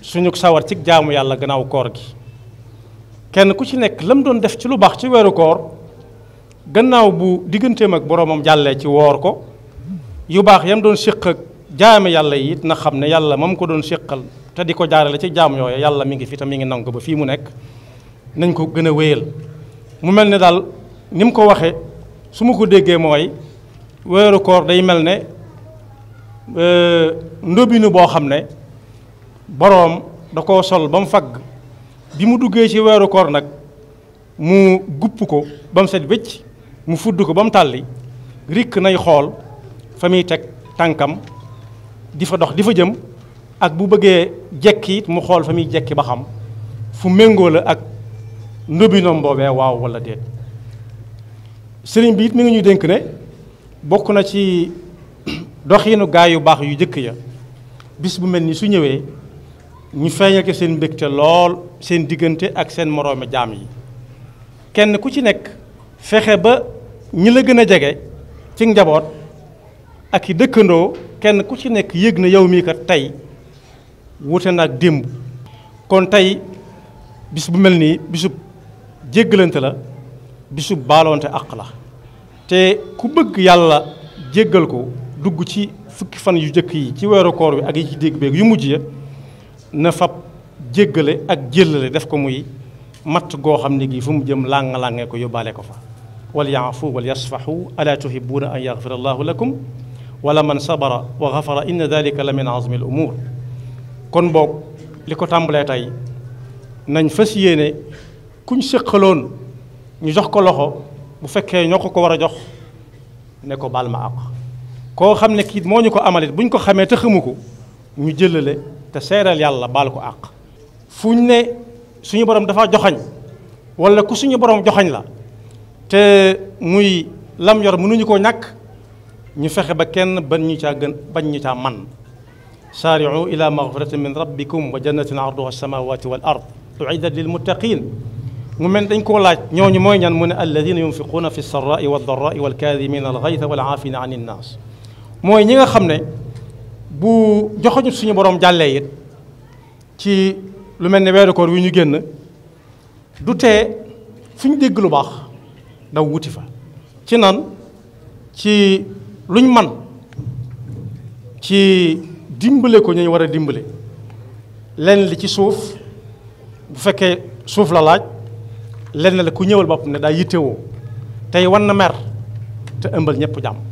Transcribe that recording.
suñu sawar ci jaamu yàlla gannaaw koor gi kenn ku ci nekk lam doon def ci lu baax ci weeru koor gannaaw bu digganteem ak boroomam jàllee ci woor ko yu baax yam doon séq ak jaame yàlla yit na xam ne yàlla moom ko doon séqal te di ko jaarale ci jaam yooyu yàlla mi ngi fi te mi ngi nangu ba fii mu nekk nañ ko gën a wéyal mu mel ne daal ni mu ko waxee su ma ko déggee mooy weeru koor day mel ne e, ndóbinu boo xam ne boroom da ko sol ba mu fagg bi mu duggee ci weeru koor nag mu gupp ko ba mu set wécc mu fudd ko ba mu tàlli rikk nay xool fa muy teg tànkam di fa dox di fa jëm ak bu bëggee jekki mu xool fa muy jekki ba xam fu méngoo la ak ndóbinoom boobee waaw walla déet sëriñ bi it mi ngi ñuy dénk ne bokk na ci doxiinu gaa yu baax yu jëkk ya bis bu mel ni su ñëwee ñu feeñal ko seen mbégte lool seen diggante ak seen moroomi jaam yi kenn ku ci nekk fexe ba ñi la gën a jege ci njaboot ak i dëkkandoo kenn ku ci nekk yëg na yow mii kat tey wute na ak démb kon tey bis bu mel nii bisub jéggalante la bisub baaloonte àq la te ku bëgg yàlla jéggal ko dugg ci fukki fan yu njëkk yi ci weeru koor bi ak yi ci dégg beeg yu mujj ya na fab jéggale ak jéllale def ko muy mat goo xam ne gii fu mu jëm làng-làngee ko yóbbaale ko fa wal yaafu wal yasfaxu alaa tuhibbuuna an yaxfira allahu lakum wala man sabara wa xafara inna dalika la min azmi al umur kon boog li ko tàmbalee tey nañ fas yéene kuñ sëqaloon ñu jox ko loxo bu fekkee ñoo ko ko war a jox ne ko baal ma àq koo xam ne kii moo ñu ko amalit buñ ko xamee te xëmu ko ñu jëlale te seeral yàlla baal ko àq fu ñu ne suñu borom dafa joxañ wala ku suñu borom joxañ la te muy lam yor mënuñu ko ñàkk ñu fexe ba kenn bañ ñu caa gën bañ ñu caa man saari'u ila maghfiratin min rabbikum wa jannatin arduha as-samawati wal ard u'iddat lil muttaqin mu mel dañ koo laaj ñooñu mooy ñan mu ne alladina yunfiquuna fi sarraai wa darraai wal kaadimina al gayta wal aafina an innaas mooy ñi nga xam ne bu joxoñu suñu borom jàllee it ci lu mel ni weeru koor wi ñu génn du tee fu ñu dégg lu baax daw wuti fa ci nan ci luñ man ci dimbale ko ñu war a dimbale lenn li ci suuf bu fekkee suuf la laaj lenn la ku ñëwal boppam ne daa yittewoo tey wan na mer te ëmbal ñëpp jàmm